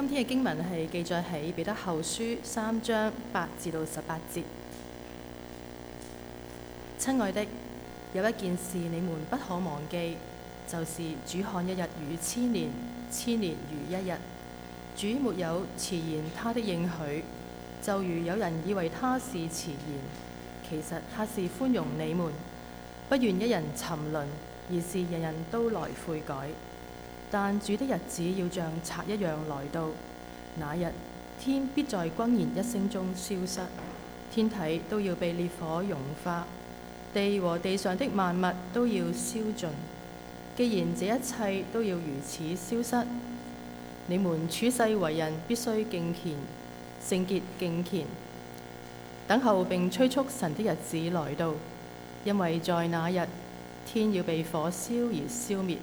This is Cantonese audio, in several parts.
今天嘅經文係記載喺彼得後書三章八至到十八節。親愛的，有一件事你們不可忘記，就是主看一日如千年，千年如一日。主沒有遲延他的應許，就如有人以為他是遲延，其實他是寬容你們，不願一人沉淪，而是人人都來悔改。但主的日子要像賊一樣來到，那日天必在轟然一聲中消失，天體都要被烈火融化，地和地上的萬物都要消盡。既然這一切都要如此消失，你們處世為人必須敬虔、聖潔、敬虔，等候並催促神的日子來到，因為在那日天要被火燒而消滅。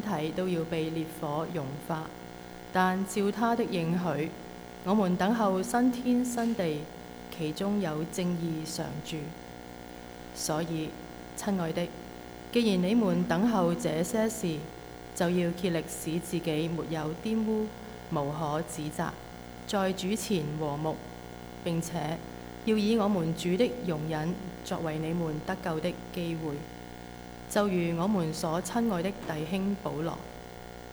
天體都要被烈火融化，但照他的應許，我們等候新天新地，其中有正義常住。所以，親愛的，既然你們等候這些事，就要竭力使自己沒有玷污、無可指責，在主前和睦，並且要以我們主的容忍作為你們得救的機會。就如我們所親愛的弟兄保羅，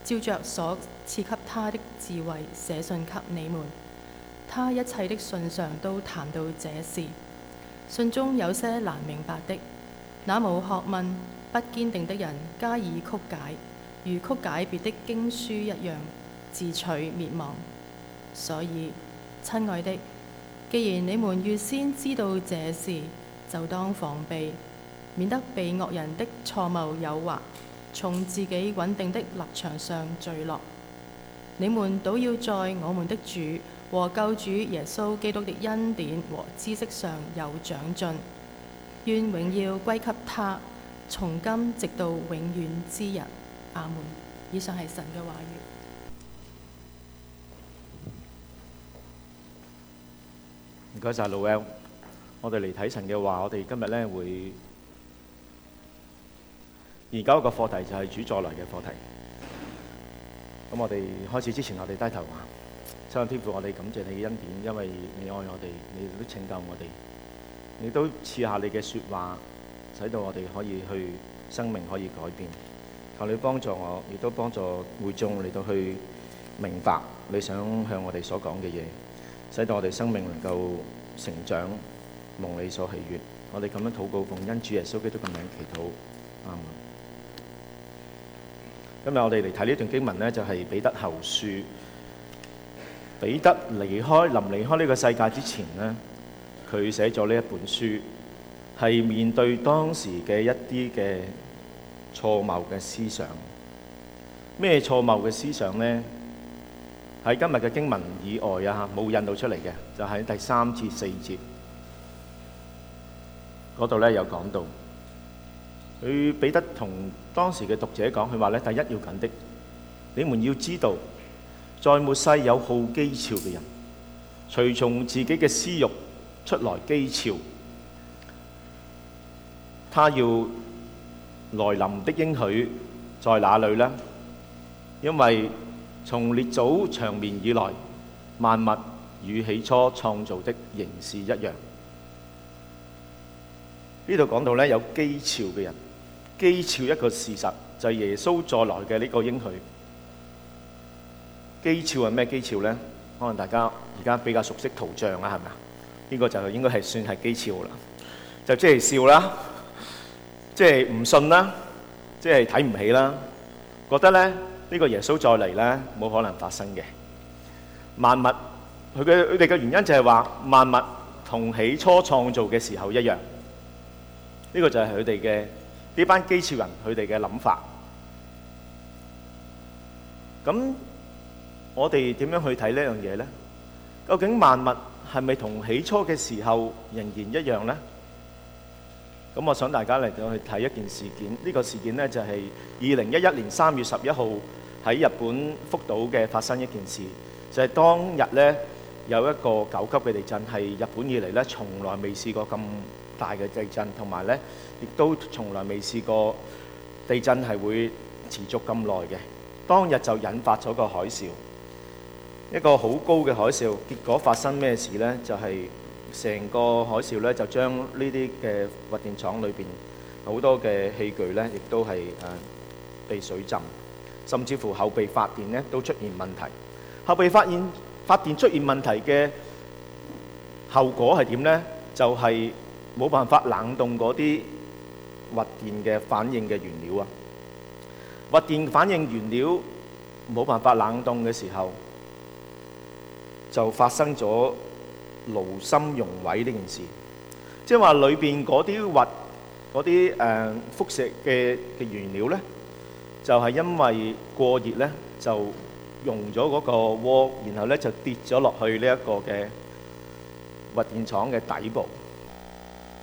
照着所賜給他的智慧寫信給你們，他一切的信上都談到這事。信中有些難明白的，那無學問、不堅定的人加以曲解，如曲解別的經書一樣，自取滅亡。所以，親愛的，既然你們預先知道這事，就當防備。免得被惡人的錯謬誘惑，從自己穩定的立場上墜落。你們都要在我們的主和救主耶穌基督的恩典和知識上有長進。願榮耀歸給他，從今直到永遠之日。阿門。以上係神嘅話語。唔該晒，老 L。我哋嚟睇神嘅話，我哋今日呢會。而家一個課題就係主再來嘅課題。咁我哋開始之前，我哋低頭啊，神嘅天父，我哋感謝你嘅恩典，因為你愛我哋，你都拯救我哋，你都賜下你嘅説話，使到我哋可以去生命可以改變。求你幫助我，亦都幫助會眾嚟到去明白你想向我哋所講嘅嘢，使到我哋生命能夠成長，蒙你所喜悦。我哋咁樣禱告奉恩主耶穌基督嘅名祈禱。今日我哋嚟睇呢段經文咧，就係彼得後書。彼得離開臨離開呢個世界之前咧，佢寫咗呢一本書，係面對當時嘅一啲嘅錯謬嘅思想。咩錯謬嘅思想咧？喺今日嘅經文以外啊，冇引到出嚟嘅，就喺第三節四節嗰度咧，有講到。佢彼得同當時嘅讀者講，佢話咧：第一要緊的，你們要知道，在末世有好譏誚嘅人，隨從自己嘅私慾出來譏誚，他要來臨的應許在哪裏呢？因為從列祖長眠以來，萬物與起初創造的仍是一樣。講呢度講到咧有譏誚嘅人。譏誚一個事實，就係、是、耶穌再來嘅呢個應許。譏誚係咩譏誚咧？可能大家而家比較熟悉圖像啦，係咪啊？呢、這個就應該係算係譏誚啦，就即係笑啦，即係唔信啦，即係睇唔起啦，覺得咧呢、這個耶穌再嚟咧冇可能發生嘅。萬物佢嘅佢哋嘅原因就係話，萬物同起初創造嘅時候一樣，呢、這個就係佢哋嘅。呢班基士人佢哋嘅諗法，咁我哋點樣去睇呢樣嘢呢？究竟萬物係咪同起初嘅時候仍然一樣呢？咁我想大家嚟到去睇一件事件，呢個事件呢就係二零一一年三月十一號喺日本福島嘅發生一件事，就係當日呢有一個九級嘅地震，係日本以嚟呢從來未試過咁。大嘅地震，同埋咧，亦都從來未試過地震係會持續咁耐嘅。當日就引發咗個海嘯，一個好高嘅海嘯。結果發生咩事咧？就係成個海嘯咧，就將呢啲嘅核電廠裏邊好多嘅器具咧，亦都係誒被水浸，甚至乎後備發電咧都出現問題。後備發電發電出現問題嘅後果係點咧？就係。冇辦法冷凍嗰啲核電嘅反應嘅原料啊！核電反應原料冇辦法冷凍嘅時候，就發生咗爐心熔毀呢件事。即係話裏邊嗰啲核嗰啲誒輻射嘅嘅原料咧，就係、是、因為過熱咧，就溶咗嗰個窩，然後咧就跌咗落去呢一個嘅核電廠嘅底部。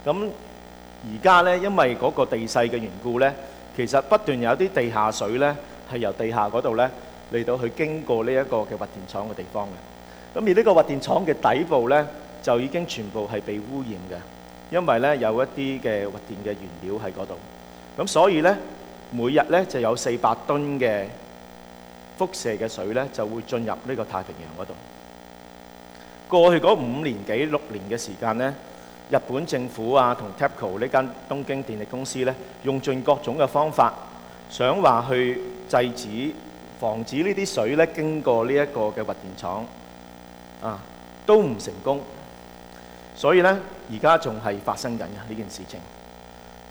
咁而家咧，因為嗰個地勢嘅緣故咧，其實不斷有啲地下水咧係由地下嗰度咧嚟到去經過呢一個嘅核電廠嘅地方嘅。咁而呢個核電廠嘅底部咧就已經全部係被污染嘅，因為咧有一啲嘅核電嘅原料喺嗰度。咁所以咧，每日咧就有四百噸嘅輻射嘅水咧就會進入呢個太平洋嗰度。過去嗰五年幾六年嘅時間咧。日本政府啊，同 Tepco 呢間東京電力公司咧，用盡各種嘅方法，想話去制止、防止呢啲水咧經過呢一個嘅核電廠啊，都唔成功。所以咧，而家仲係發生緊嘅呢件事情。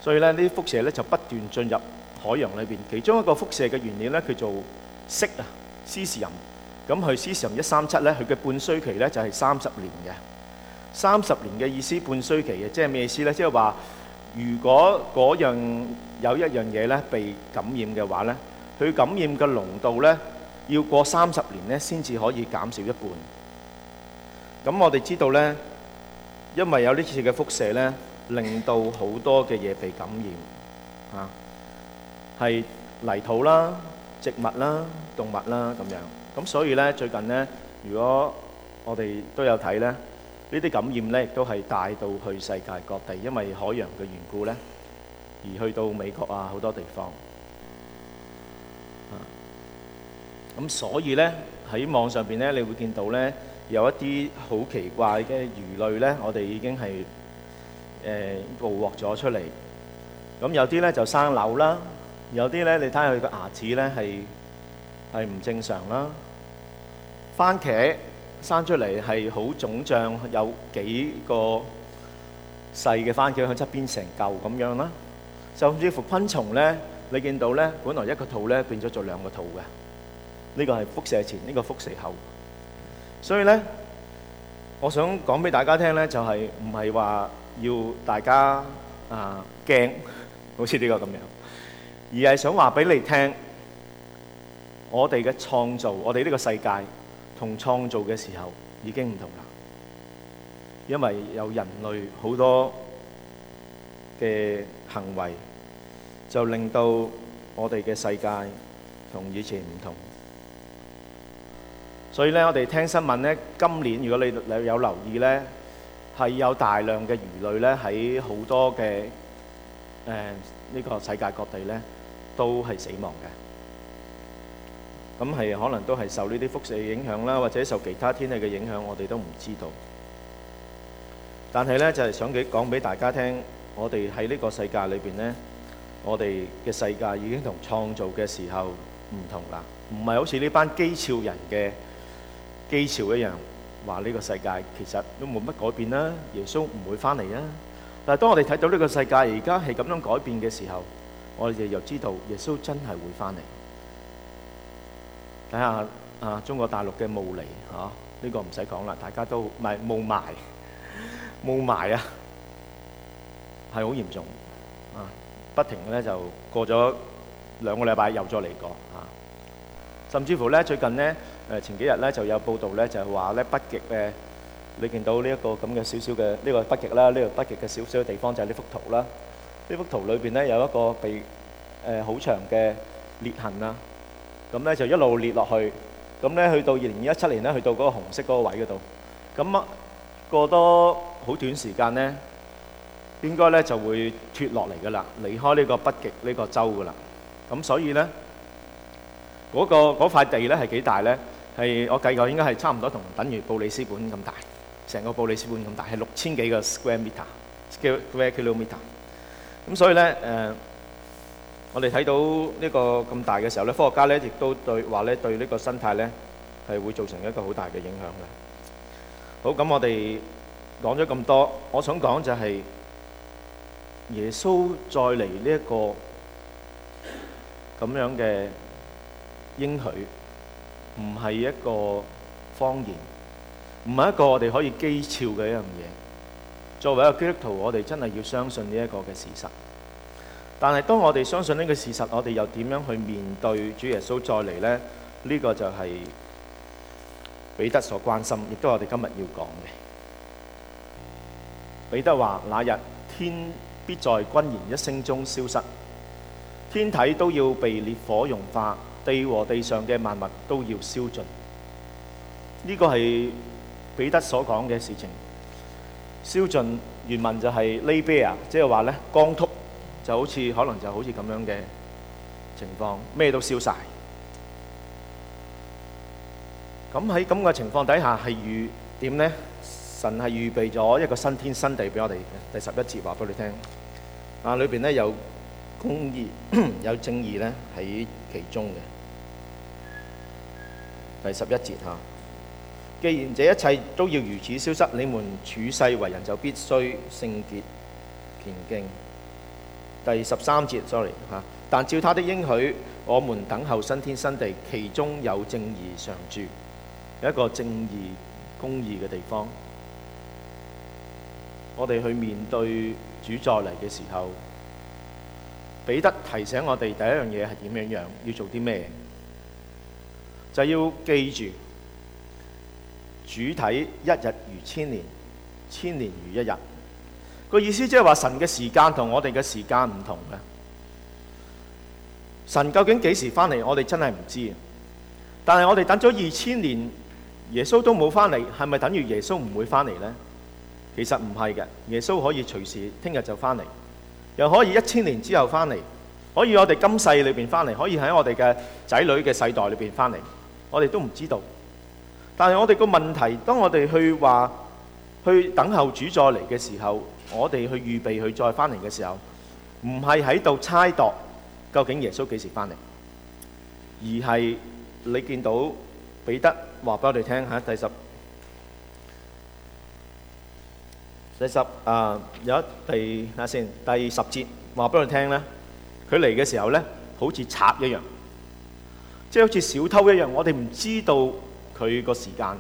所以咧，呢啲輻射咧就不斷進入海洋裏邊。其中一個輻射嘅原料咧，叫做銫啊，銫 -137。咁佢銫 -137 咧，佢嘅半衰期咧就係三十年嘅。三十年嘅意思，半衰期嘅，即係咩意思呢？即係話，如果嗰樣有一樣嘢呢被感染嘅話呢，佢感染嘅濃度呢要過三十年呢先至可以減少一半。咁我哋知道呢，因為有呢次嘅輻射呢，令到好多嘅嘢被感染啊，係泥土啦、植物啦、動物啦咁樣。咁所以呢，最近呢，如果我哋都有睇呢。呢啲感染咧都係帶到去世界各地，因為海洋嘅緣故咧，而去到美國啊，好多地方啊。咁所以咧，喺網上邊咧，你會見到咧有一啲好奇怪嘅魚類咧，我哋已經係誒捕獲咗出嚟。咁有啲咧就生瘤啦，有啲咧你睇下佢個牙齒咧係係唔正常啦。番茄。生出嚟係好腫脹，有幾個細嘅番茄喺側邊成嚿咁樣啦。甚至乎昆蟲咧，你見到咧，本來一個肚咧變咗做兩個肚嘅。呢個係輻射前，呢個輻射後。所以咧，我想講俾大家聽咧，就係唔係話要大家啊驚，好似呢個咁樣，而係想話俾你聽，我哋嘅創造，我哋呢個世界。同創造嘅時候已經唔同啦，因為有人類好多嘅行為，就令到我哋嘅世界同以前唔同。所以咧，我哋聽新聞咧，今年如果你你有留意咧，係有大量嘅魚類咧喺好多嘅誒呢個世界各地咧，都係死亡嘅。咁係可能都係受呢啲輻射影響啦，或者受其他天氣嘅影響，我哋都唔知道。但係呢，就係想講俾大家聽，我哋喺呢個世界裏邊呢，我哋嘅世界已經同創造嘅時候唔同啦，唔係好似呢班譏誚人嘅譏誚一樣話呢個世界其實都冇乜改變啦。耶穌唔會翻嚟啊！但係當我哋睇到呢個世界而家係咁樣改變嘅時候，我哋就又知道耶穌真係會翻嚟。睇下啊，中國大陸嘅霧霾嚇，呢個唔使講啦，大家都係霧霾，霧霾啊，係好嚴重啊！不停咧就過咗兩個禮拜，又再嚟過啊！甚至乎咧，最近咧誒，前幾日咧就有報道咧，就係話咧北極誒，你見到呢一個咁嘅少少嘅呢個北極啦，呢個北極嘅少少嘅地方就係呢幅圖啦。呢幅圖裏邊咧有一個被誒好長嘅裂痕啦。咁咧就一路列落去，咁咧去到二零二一七年咧，去到嗰個紅色嗰個位嗰度，咁過多好短時間咧，應該咧就會脫落嚟㗎啦，離開呢個北極呢個州㗎啦。咁所以咧，嗰個嗰塊地咧係幾大咧？係我計過應該係差唔多同等於布里斯本咁大，成個布里斯本咁大，係六千幾個 square meter 嘅 square kilometer。咁所以咧，誒。我哋睇到呢個咁大嘅時候咧，科學家咧亦都對話咧對呢個生態咧係會造成一個好大嘅影響嘅。好，咁我哋講咗咁多，我想講就係耶穌再嚟呢一個咁樣嘅應許，唔係一個謊言，唔係一個我哋可以譏笑嘅一樣嘢。作為一個基督徒，我哋真係要相信呢一個嘅事實。但係，當我哋相信呢個事實，我哋又點樣去面對主耶穌再嚟咧？呢、這個就係彼得所關心，亦都係我哋今日要講嘅。彼得話：那日天必在轟然一聲中消失，天體都要被烈火融化，地和地上嘅萬物都要燒盡呢、這個係彼得所講嘅事情。燒盡原文就係、是、leber，即係話咧光通。就好似可能就好似咁樣嘅情況，咩都消曬。咁喺咁嘅情況底下，係預點呢，神係預備咗一個新天新地俾我哋。第十一節話俾你聽，啊，裏邊呢有公義、有正義呢喺其中嘅。第十一節嚇，既然這一切都要如此消失，你們處世為人就必須聖潔、虔敬。第十三節，sorry，但照他的應許，我們等候新天新地，其中有正義常住，有一個正義公義嘅地方。我哋去面對主再嚟嘅時候，彼得提醒我哋第一樣嘢係點樣樣，要做啲咩？就要記住，主體一日如千年，千年如一日。個意思即係話神嘅時間同我哋嘅時間唔同嘅。神究竟幾時翻嚟？我哋真係唔知。但係我哋等咗二千年，耶穌都冇翻嚟，係咪等於耶穌唔會翻嚟呢？其實唔係嘅，耶穌可以隨時聽日就翻嚟，又可以一千年之後翻嚟，可以我哋今世裏邊翻嚟，可以喺我哋嘅仔女嘅世代裏邊翻嚟，我哋都唔知道。但係我哋個問題，當我哋去話去等候主再嚟嘅時候。我哋去預備佢再翻嚟嘅時候，唔係喺度猜度究竟耶穌幾時翻嚟，而係你見到彼得話俾我哋聽嚇，第十、第十啊，有一第，睇先，第十節話俾我哋聽咧，佢嚟嘅時候咧，好似賊一樣，即係好似小偷一樣，我哋唔知道佢個時間，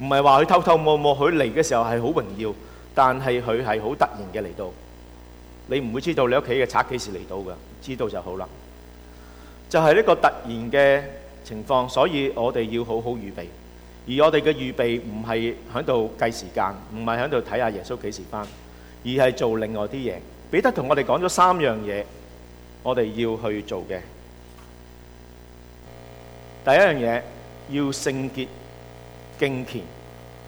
唔係話佢偷偷摸摸，佢嚟嘅時候係好榮耀。但係佢係好突然嘅嚟到，你唔會知道你屋企嘅賊幾時嚟到㗎，知道就好啦。就係呢個突然嘅情況，所以我哋要好好預備。而我哋嘅預備唔係喺度計時間，唔係喺度睇下耶穌幾時返，而係做另外啲嘢。彼得同我哋講咗三樣嘢，我哋要去做嘅。第一樣嘢，要聖潔、敬虔。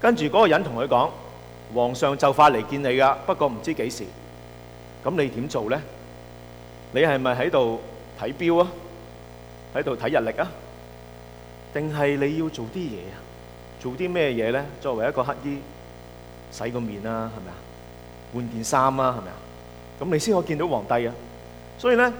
跟住嗰個人同佢講：皇上就快嚟見你噶，不過唔知幾時。咁你點做咧？你係咪喺度睇表啊？喺度睇日曆啊？定係你要做啲嘢啊？做啲咩嘢咧？作為一個乞衣，洗個面啦，係咪啊？換件衫啦，係咪啊？咁你先可見到皇帝啊。所以咧，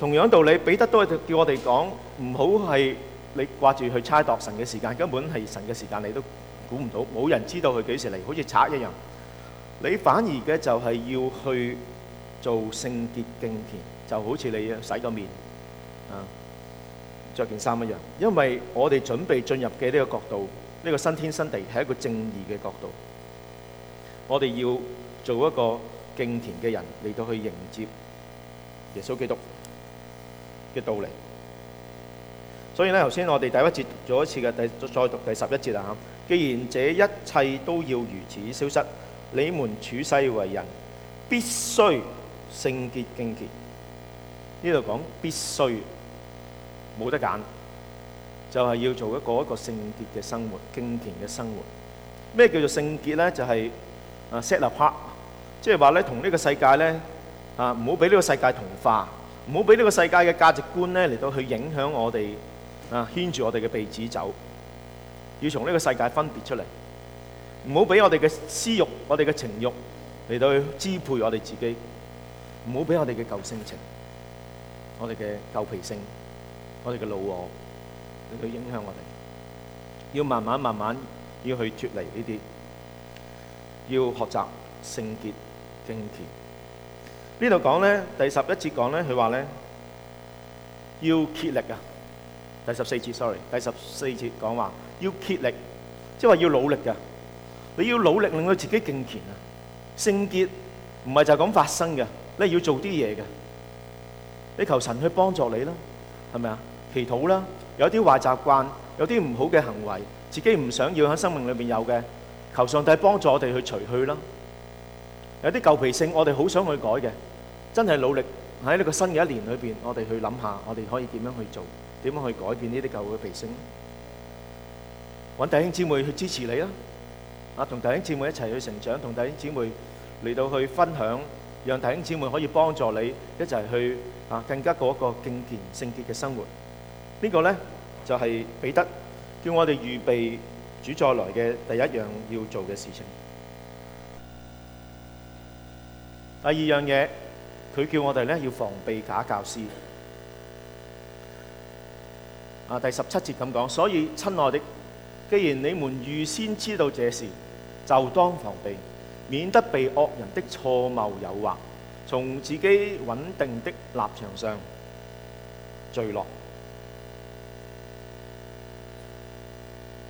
同樣道理，彼得都係叫我哋講唔好係你掛住去猜度神嘅時間，根本係神嘅時間你都。估唔到，冇人知道佢幾時嚟，好似賊一樣。你反而嘅就係要去做聖潔敬虔，就好似你洗個面着件衫一樣。因為我哋準備進入嘅呢個角度，呢個新天新地係一個正義嘅角度。我哋要做一個敬虔嘅人嚟到去迎接耶穌基督嘅到嚟。所以咧，頭先我哋第一節做一次嘅，第再讀第十一節啦。啊。既然這一切都要如此消失，你們處世為人必須聖潔敬虔。呢度講必須，冇得揀，就係要做一個一個聖潔嘅生活、敬虔嘅生活。咩叫做聖潔咧？就係啊 set apart，即係話咧，同呢個世界咧啊，唔好俾呢個世界同化，唔好俾呢個世界嘅價值觀咧嚟到去影響我哋啊，牽住我哋嘅鼻子走。要從呢個世界分別出嚟，唔好俾我哋嘅私慾、我哋嘅情慾嚟到去支配我哋自己，唔好俾我哋嘅舊性情、我哋嘅舊脾性、我哋嘅老我嚟到影響我哋。要慢慢慢慢要去脫離呢啲，要學習聖潔、敬虔。呢度講咧，第十一節講咧，佢話咧要竭力啊！第十四節，sorry，第十四節講話要竭力，即係話要努力嘅。你要努力令到自己敬虔啊！聖潔唔係就咁發生嘅，你係要做啲嘢嘅。你求神去幫助你啦，係咪啊？祈禱啦。有啲壞習慣，有啲唔好嘅行為，自己唔想要喺生命裏邊有嘅，求上帝幫助我哋去除去啦。有啲舊皮性，我哋好想去改嘅，真係努力喺呢個新嘅一年裏邊，我哋去諗下，我哋可以點樣去做。點樣去改變呢啲舊嘅脾性？揾弟兄姊妹去支持你啦，啊，同弟兄姊妹一齊去成長，同弟兄姊妹嚟到去分享，讓弟兄姊妹可以幫助你一齊去啊，更加過一個敬虔聖潔嘅生活。呢個咧就係彼得叫我哋預備主再來嘅第一樣要做嘅事情。第二樣嘢，佢叫我哋咧要防備假教師。啊！第十七節咁講，所以親愛的，既然你們預先知道這事，就當防備，免得被惡人的錯謬誘惑，從自己穩定的立場上墜落。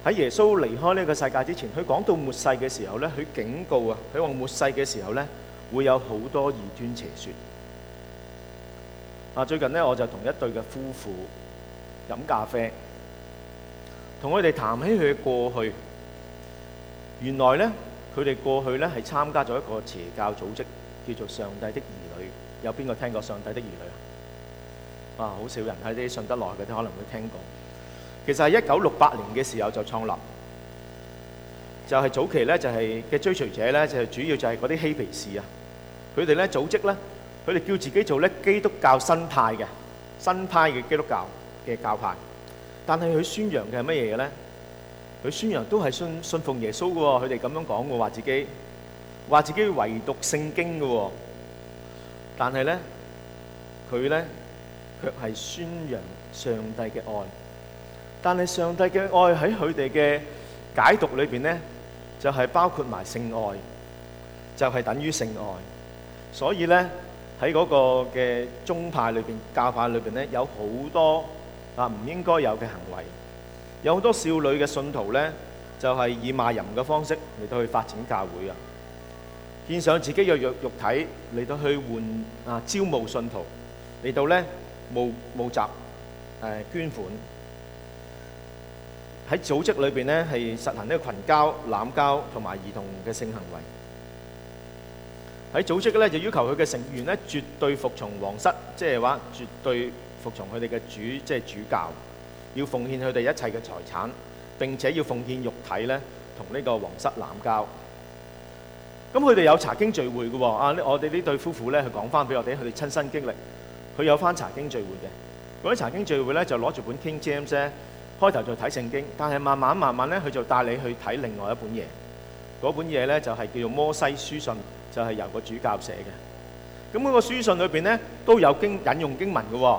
喺耶穌離開呢個世界之前，佢講到末世嘅時候咧，佢警告啊，佢話末世嘅時候咧，會有好多異端邪說。啊！最近呢，我就同一對嘅夫婦，飲咖啡，同佢哋談起佢嘅過去。原來咧，佢哋過去咧係參加咗一個邪教組織，叫做上帝的兒女。有邊個聽過上帝的兒女啊？啊，好少人喺啲信得耐嘅，都可能會聽過。其實係一九六八年嘅時候就創立，就係早期咧就係嘅追隨者咧就係主要就係嗰啲嬉皮士啊。佢哋咧組織咧，佢哋叫自己做咧基督教新派嘅新派嘅基督教。嘅教派，但係佢宣揚嘅係乜嘢嘅咧？佢宣揚都係信信奉耶穌嘅喎，佢哋咁樣講嘅話自己話自己唯獨聖經嘅喎，但係咧佢咧卻係宣揚上帝嘅愛，但係上帝嘅愛喺佢哋嘅解讀裏邊咧，就係包括埋性愛，就係等於性愛，所以咧喺嗰個嘅宗派裏邊、教派裏邊咧，有好多。啊！唔應該有嘅行為，有好多少女嘅信徒咧，就係以賣淫嘅方式嚟到去發展教會啊！獻上自己嘅肉肉體嚟到去換啊，招募信徒嚟到咧，募募集誒捐款，喺組織裏邊咧係實行呢個群交、濫交同埋兒童嘅性行為，喺組織咧就要求佢嘅成員咧絕對服從皇室，即係話絕對。服從佢哋嘅主，即係主教，要奉獻佢哋一切嘅財產，並且要奉獻肉體咧，同呢個皇室濫交。咁佢哋有查經聚會嘅喎，啊，我哋呢對夫婦咧，佢講翻俾我哋，佢哋親身經歷，佢有翻查經聚會嘅。嗰啲查經聚會咧，就攞住本 King James 咧，開頭就睇聖經，但係慢慢慢慢咧，佢就帶你去睇另外一本嘢。嗰本嘢咧就係叫做摩西書信，就係、是、由個主教寫嘅。咁、那、嗰個書信裏邊咧都有經引用經文嘅喎。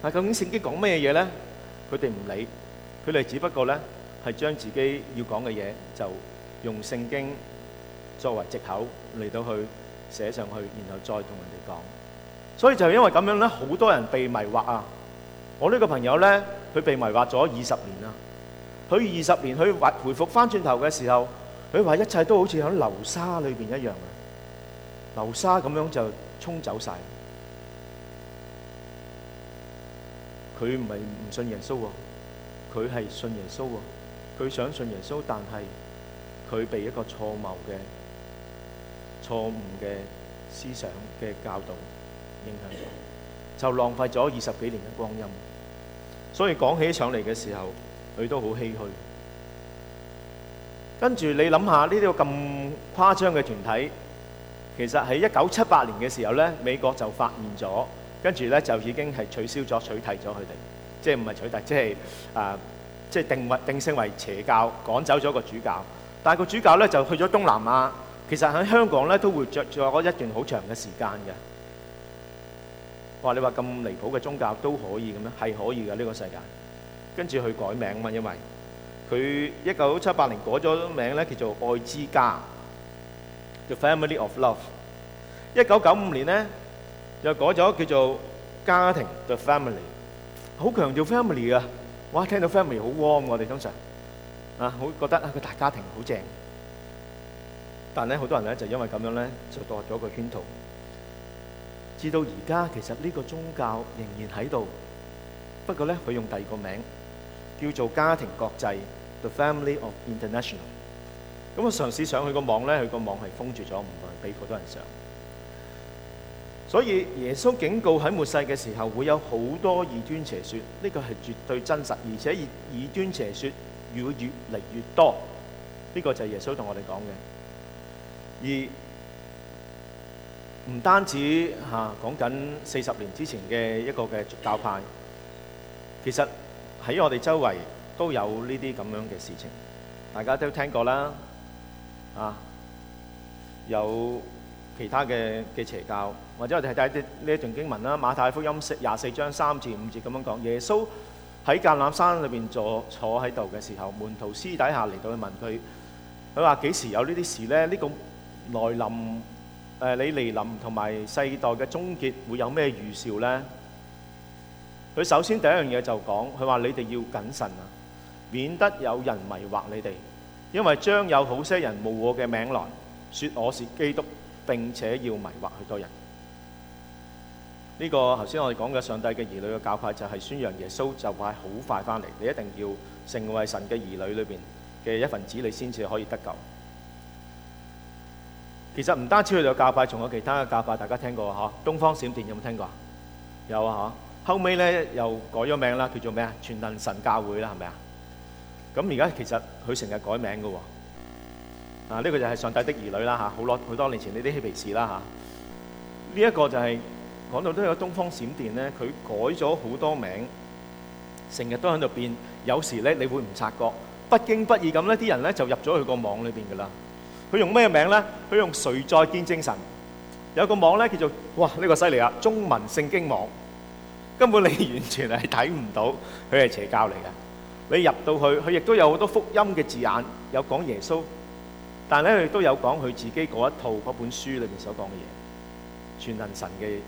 但，究竟聖經講咩嘢嘢咧？佢哋唔理，佢哋只不過咧係將自己要講嘅嘢就用聖經作為藉口嚟到去寫上去，然後再同人哋講。所以就係因為咁樣咧，好多人被迷惑啊！我呢個朋友咧，佢被迷惑咗二十年啦。佢二十年，佢話回復翻轉頭嘅時候，佢話一切都好似喺流沙裏邊一樣啊，流沙咁樣就沖走晒。佢唔係唔信耶穌喎，佢係信耶穌喎，佢想信耶穌，但係佢被一個錯謀嘅、錯誤嘅思想嘅教導影響咗，就浪費咗二十幾年嘅光陰。所以講起上嚟嘅時候，佢都好唏噓。跟住你諗下呢啲咁誇張嘅團體，其實喺一九七八年嘅時候咧，美國就發現咗。跟住咧就已經係取消咗、取締咗佢哋，即係唔係取締，即係啊，即係定為定性為邪教，趕走咗個主教。但係個主教咧就去咗東南亞，其實喺香港咧都會存在咗一段好長嘅時間嘅。哇，你話咁離譜嘅宗教都可以咁樣，係可以嘅呢個世界。跟住佢改名啊嘛，因為佢一九七八年改咗名咧，叫做愛之家 （The Family of Love）。一九九五年咧，又改咗叫做家庭 the family，好強調 family 啊！哇，聽到 family 好 warm，我哋通常啊，好覺得啊個大家庭好正。但係咧好多人咧就因為咁樣咧就墮入咗個圈套，至到而家其實呢個宗教仍然喺度，不過咧佢用第二個名叫做家庭國際 The Family of International。咁我嘗試上佢個網咧，佢個網係封住咗，唔係俾好多人上。所以耶穌警告喺末世嘅時候會有好多異端邪説，呢個係絕對真實，而且異端邪説越會越嚟越多，呢個就係耶穌同我哋講嘅。而唔單止嚇講緊四十年之前嘅一個嘅教派，其實喺我哋周圍都有呢啲咁樣嘅事情，大家都聽過啦，啊有。其他嘅嘅邪教，或者我哋睇睇啲呢一段經文啦，《馬太福音》四廿四章三至五節咁樣講，耶穌喺橄欖山裏邊坐坐喺度嘅時候，門徒私底下嚟到去問佢：佢話幾時有呢啲事咧？呢、這個來臨誒你嚟臨同埋世代嘅終結會有咩預兆咧？佢首先第一樣嘢就講，佢話你哋要謹慎啊，免得有人迷惑你哋，因為將有好些人冒我嘅名來説我是基督。並且要迷惑許多人，呢個頭先我哋講嘅上帝嘅兒女嘅教派就係宣揚耶穌就快好快翻嚟，你一定要成為神嘅兒女裏邊嘅一份子，你先至可以得救。其實唔單止佢哋嘅教派，仲有其他嘅教派，大家聽過啊？嗬，東方閃電有冇聽過？有啊，嗬。後尾咧又改咗名啦，叫做咩啊？全能神教會啦，係咪啊？咁而家其實佢成日改名㗎喎。啊！呢、這個就係上帝的兒女啦嚇、啊，好耐好多年前呢啲嬉皮士啦嚇。呢、啊、一、這個就係、是、講到都有東方閃電咧，佢改咗好多名，成日都喺度變。有時咧，你會唔察覺，不經不意咁咧，啲人咧就入咗佢個網裏邊噶啦。佢用咩名咧？佢用誰在見精神？有個網咧叫做哇，呢、這個犀利啊！中文聖經網根本你完全係睇唔到，佢係邪教嚟嘅。你入到去，佢亦都有好多福音嘅字眼，有講耶穌。但係咧，佢都有講佢自己嗰一套嗰本書裏面所講嘅嘢，全能神嘅嘢。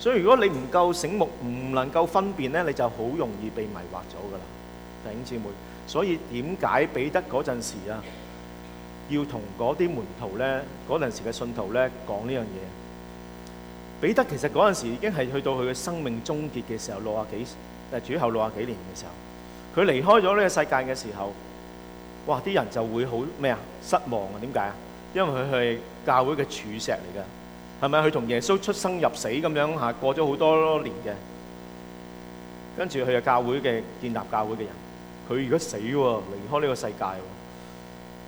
所以如果你唔夠醒目，唔能夠分辨咧，你就好容易被迷惑咗㗎啦，弟兄姊妹。所以點解彼得嗰陣時啊，要同嗰啲門徒咧，嗰陣時嘅信徒咧講呢樣嘢？彼得其實嗰陣時已經係去到佢嘅生命終結嘅時候，六啊幾，主後六啊幾年嘅時候，佢離開咗呢個世界嘅時候。哇！啲人就會好咩啊？失望啊？點解啊？因為佢係教會嘅柱石嚟嘅，係咪啊？佢同耶穌出生入死咁樣嚇過咗好多年嘅，跟住佢係教會嘅建立教會嘅人，佢如果死喎，離開呢個世界，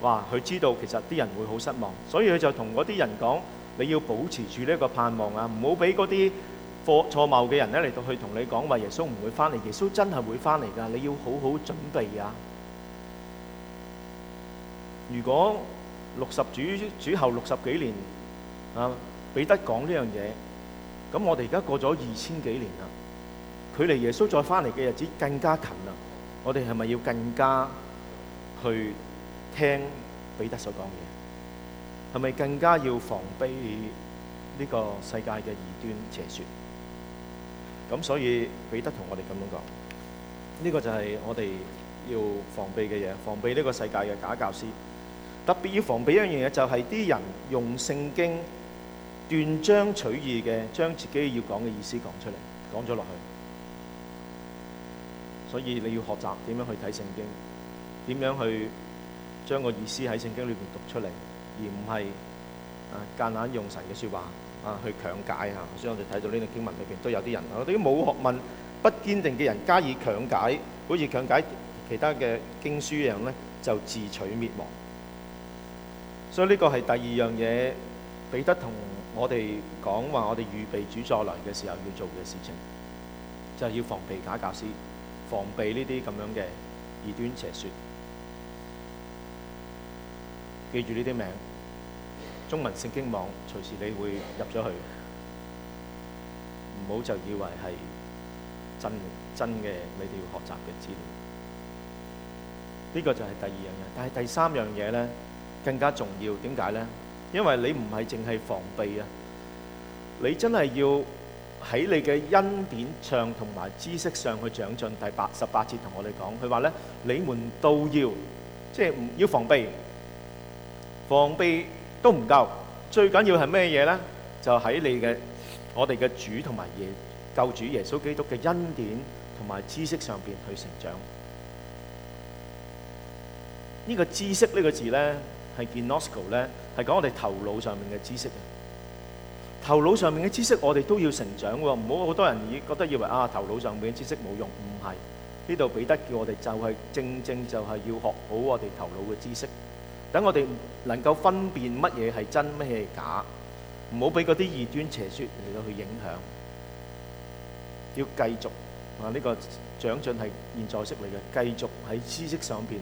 哇！佢知道其實啲人會好失望，所以佢就同嗰啲人講：你要保持住呢個盼望啊，唔好俾嗰啲錯錯謬嘅人咧嚟到去同你講話，耶穌唔會翻嚟，耶穌真係會翻嚟㗎，你要好好準備啊！如果六十主主後六十幾年啊，彼得講呢樣嘢，咁我哋而家過咗二千幾年啦，距離耶穌再翻嚟嘅日子更加近啦，我哋係咪要更加去聽彼得所講嘅嘢？係咪更加要防備呢個世界嘅異端邪説？咁所以彼得同我哋咁樣講，呢個就係我哋要防備嘅嘢，防備呢個世界嘅假教師。特別要防備一樣嘢，就係啲人用聖經斷章取義嘅，將自己要講嘅意思講出嚟，講咗落去。所以你要學習點樣去睇聖經，點樣去將個意思喺聖經裏面讀出嚟，而唔係啊間硬用神嘅説話啊去強解嚇。所以我哋睇到呢個經文裏邊都有啲人，我對於冇學問、不堅定嘅人加以強解，好似強解其他嘅經書一樣咧，就自取滅亡。所以呢個係第二樣嘢，彼得同我哋講話，我哋預備主再來嘅時候要做嘅事情，就係要防備假教師，防備呢啲咁樣嘅異端邪說。記住呢啲名，中文聖經網隨時你會入咗去，唔好就以為係真真嘅，你哋要學習嘅資料。呢個就係第二樣嘢，但係第三樣嘢咧，更加重要，點解呢？因為你唔係淨係防備啊！你真係要喺你嘅恩典上同埋知識上去長進。第八十八節同我哋講，佢話咧：你們都要即係唔要防備，防備都唔夠，最緊要係咩嘢呢？就喺你嘅我哋嘅主同埋耶救主耶穌基督嘅恩典同埋知識上邊去成長。呢、這個知識呢個字呢。係見 no 學咧，係講我哋頭腦上面嘅知識。頭腦上面嘅知識，我哋都要成長喎。唔好，好多人以覺得以為啊，頭腦上面嘅知識冇用，唔係。呢度彼得叫我哋就係正正就係要學好我哋頭腦嘅知識，等我哋能夠分辨乜嘢係真，乜嘢係假。唔好俾嗰啲異端邪説嚟到去影響。要繼續啊，呢個長進係現在式嚟嘅，繼續喺知識上邊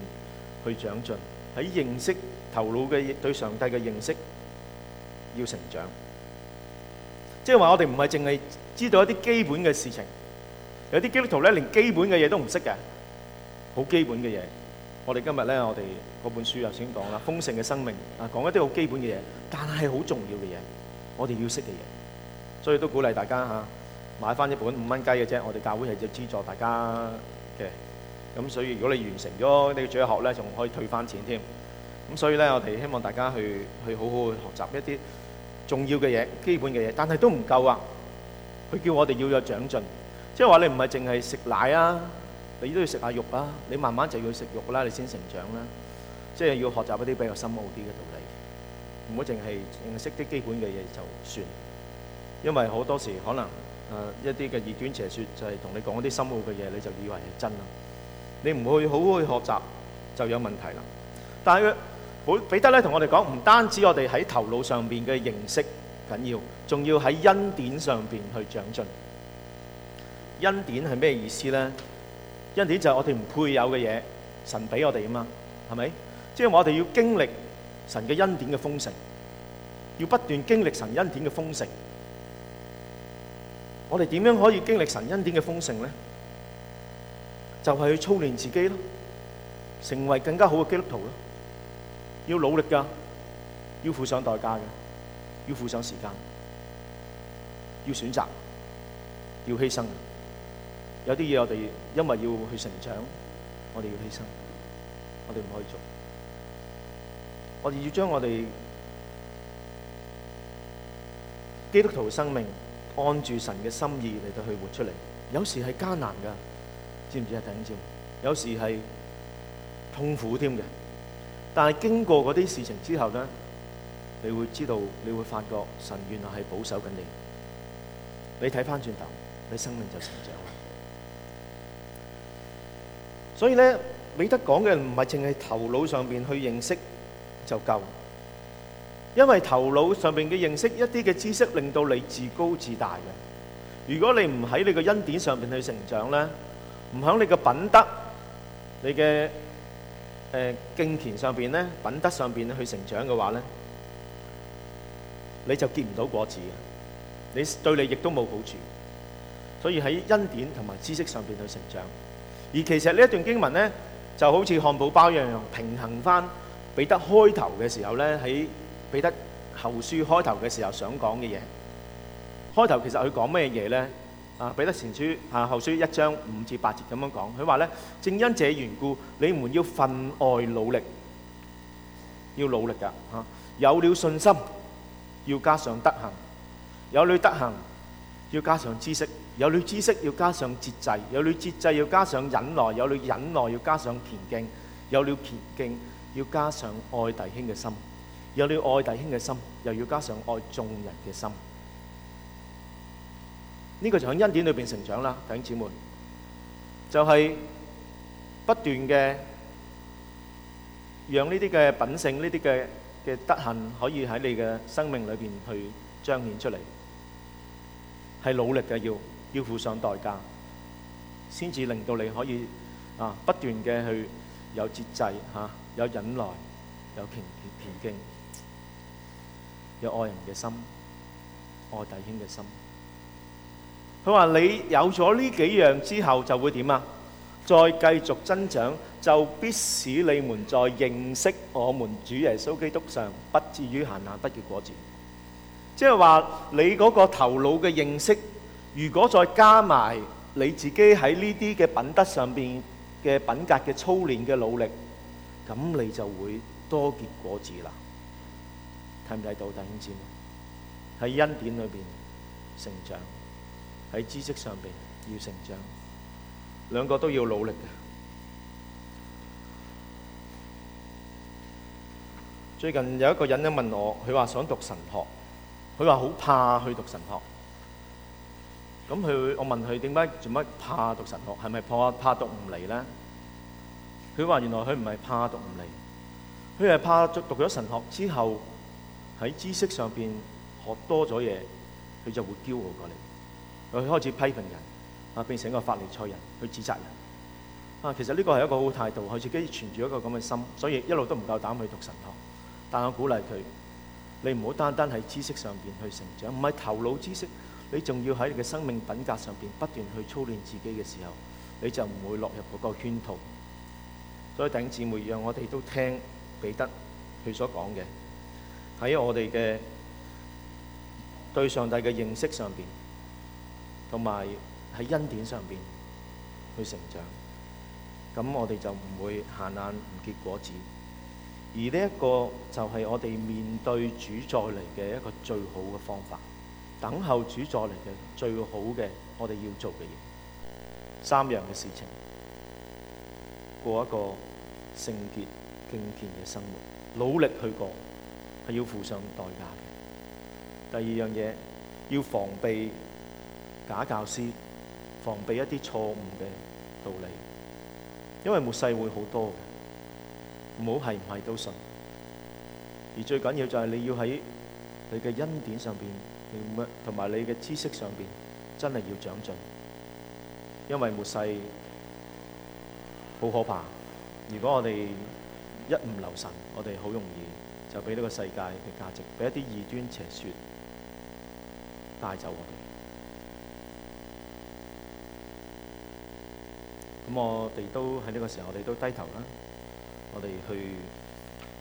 去長進。喺認識頭腦嘅對上帝嘅認識要成長，即係話我哋唔係淨係知道一啲基本嘅事情，有啲基督徒咧連基本嘅嘢都唔識嘅，好基本嘅嘢。我哋今日咧，我哋嗰本書又先講啦，豐盛嘅生命啊，講一啲好基本嘅嘢，但係好重要嘅嘢，我哋要識嘅嘢，所以都鼓勵大家嚇、啊、買翻一本五蚊雞嘅啫，我哋教會係要資助大家嘅。咁所以如果你完成咗呢個學咧，仲可以退翻錢添。咁所以咧，我哋希望大家去去好好去學習一啲重要嘅嘢、基本嘅嘢，但係都唔夠啊。佢叫我哋要有長進，即係話你唔係淨係食奶啊，你都要食下肉啊。你慢慢就要食肉啦，你先成長啦。即係要學習一啲比較深奧啲嘅道理，唔好淨係認識啲基本嘅嘢就算。因為好多時可能誒一啲嘅異端邪説就係同你講一啲深奧嘅嘢，你就以為係真啦。你唔會好好去學習就有問題啦。但係佢彼得咧同我哋講，唔單止我哋喺頭腦上邊嘅認識緊要，仲要喺恩典上邊去長進。恩典係咩意思咧？恩典就係我哋唔配有嘅嘢，神俾我哋啊嘛，係咪？即係我哋要經歷神嘅恩典嘅豐盛，要不斷經歷神恩典嘅豐盛。我哋點樣可以經歷神恩典嘅豐盛咧？就係去操練自己咯，成為更加好嘅基督徒咯。要努力㗎，要付上代價嘅，要付上時間，要選擇，要犧牲。有啲嘢我哋因為要去成長，我哋要犧牲，我哋唔可以做。我哋要將我哋基督徒生命按住神嘅心意嚟到去活出嚟，有時係艱難㗎。知唔知啊？頂尖，有時係痛苦添嘅。但係經過嗰啲事情之後咧，你會知道，你會發覺神原來係保守緊你。你睇翻轉頭，你生命就成長啦。所以咧，美德講嘅唔係淨係頭腦上邊去認識就夠，因為頭腦上邊嘅認識一啲嘅知識令到你自高自大嘅。如果你唔喺你個恩典上邊去成長咧，唔喺你嘅品德、你嘅誒敬虔上邊咧，品德上邊去成長嘅話咧，你就見唔到果子嘅，你對你亦都冇好處。所以喺恩典同埋知識上邊去成長，而其實呢一段經文咧，就好似漢堡包一樣平衡翻彼得開頭嘅時候咧，喺彼得後書開頭嘅時候想講嘅嘢。開頭其實佢講咩嘢咧？啊，彼得前書啊，後書一章五至八節咁樣講，佢話咧，正因這緣故，你們要分外努力，要努力㗎嚇。有了信心，要加上德行；有了德行，要加上知識；有了知識，要加上節制；有了節制，要加上忍耐；有了忍耐，要加上虔敬；有了虔敬，要加上愛弟兄嘅心；有了愛弟兄嘅心，又要加上愛眾人嘅心。呢個就喺恩典裏邊成長啦，弟兄姊妹，就係不斷嘅讓呢啲嘅品性、呢啲嘅嘅德行可以喺你嘅生命裏邊去彰顯出嚟，係努力嘅，要要付上代價，先至令到你可以啊不斷嘅去有節制嚇，有忍耐，有平平靜，有愛人嘅心，愛弟兄嘅心。佢話：你有咗呢幾樣之後，就會點啊？再繼續增長，就必使你們在認識我們主耶穌基督上，不至於閒懶不結果子。即係話，你嗰個頭腦嘅認識，如果再加埋你自己喺呢啲嘅品德上邊嘅品格嘅操練嘅努力，咁你就會多結果子啦。睇唔睇到弟兄姊妹喺恩典裏邊成長？喺知識上邊要成長，兩個都要努力嘅。最近有一個人咧問我，佢話想讀神學，佢話好怕去讀神學。咁佢我問佢點解做乜怕讀神學？係咪怕怕讀唔嚟咧？佢話原來佢唔係怕讀唔嚟，佢係怕讀咗神學之後喺知識上邊學多咗嘢，佢就會驕傲過嚟。佢開始批評人啊，變成一個法利賽人去指責人啊。其實呢個係一個好嘅態度，佢自己存住一個咁嘅心，所以一路都唔夠膽去讀神學。但我鼓勵佢，你唔好單單喺知識上邊去成長，唔係頭腦知識，你仲要喺你嘅生命品格上邊不斷去操練自己嘅時候，你就唔會落入嗰個圈套。所以弟兄姊妹，讓我哋都聽彼得佢所講嘅喺我哋嘅對上帝嘅認識上邊，同埋喺恩典上邊去成長，咁我哋就唔會閒懶唔結果子。而呢一個就係我哋面對主再嚟嘅一個最好嘅方法，等候主再嚟嘅最好嘅我哋要做嘅嘢。三樣嘅事情：過一個聖潔、敬虔嘅生活，努力去過係要付上代價嘅。第二樣嘢要防備。假教師防備一啲錯誤嘅道理，因為末世會好多嘅，唔好係唔係都信。而最緊要就係你要喺你嘅恩典上邊，同埋你嘅知識上邊，真係要長進，因為末世好可怕。如果我哋一唔留神，我哋好容易就俾呢個世界嘅價值，俾一啲異端邪説帶走我哋。咁我哋都喺呢個時候，我哋都低頭啦。我哋去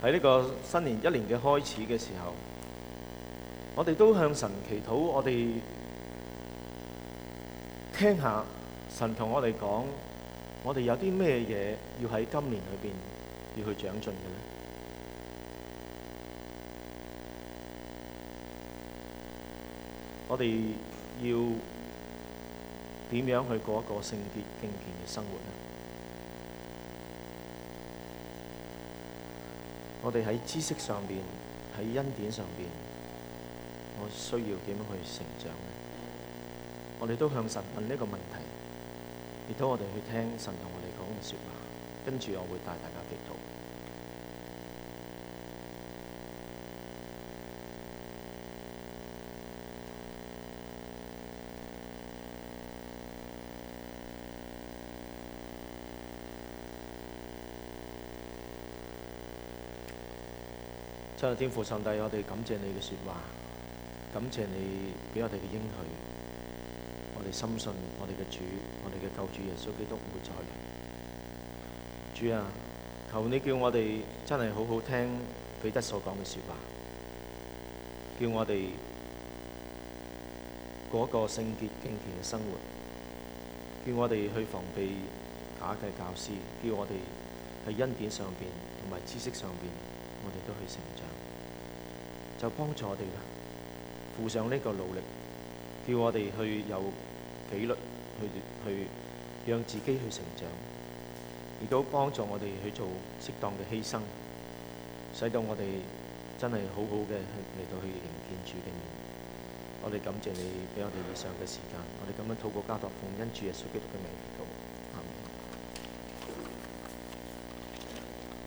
喺呢個新年一年嘅開始嘅時候，我哋都向神祈禱，我哋聽下神同我哋講，我哋有啲咩嘢要喺今年裏邊要去長進嘅咧？我哋要，點樣去過一個聖潔敬虔嘅生活呢？我哋喺知識上邊，喺恩典上邊，我需要點樣去成長呢？我哋都向神問呢個問題，亦都我哋去聽神同我哋講嘅説話，跟住我會帶大家祈禱。真係天父上帝，我哋感謝你嘅説話，感謝你俾我哋嘅應許，我哋深信我哋嘅主，我哋嘅救主耶穌基督唔會再嚟。主啊，求你叫我哋真係好好聽彼得所講嘅説話，叫我哋過一個聖潔敬虔嘅生活，叫我哋去防備假嘅教師，叫我哋喺恩典上邊同埋知識上邊，都去成長，就幫助我哋啦，付上呢個努力，叫我哋去有紀律，去去讓自己去成長，亦都幫助我哋去做適當嘅犧牲，使到我哋真係好好嘅去嚟到去迎見主嘅面。我哋感謝你俾我哋以上嘅時間，我哋咁樣透過家徒奉恩主耶穌基督嘅名。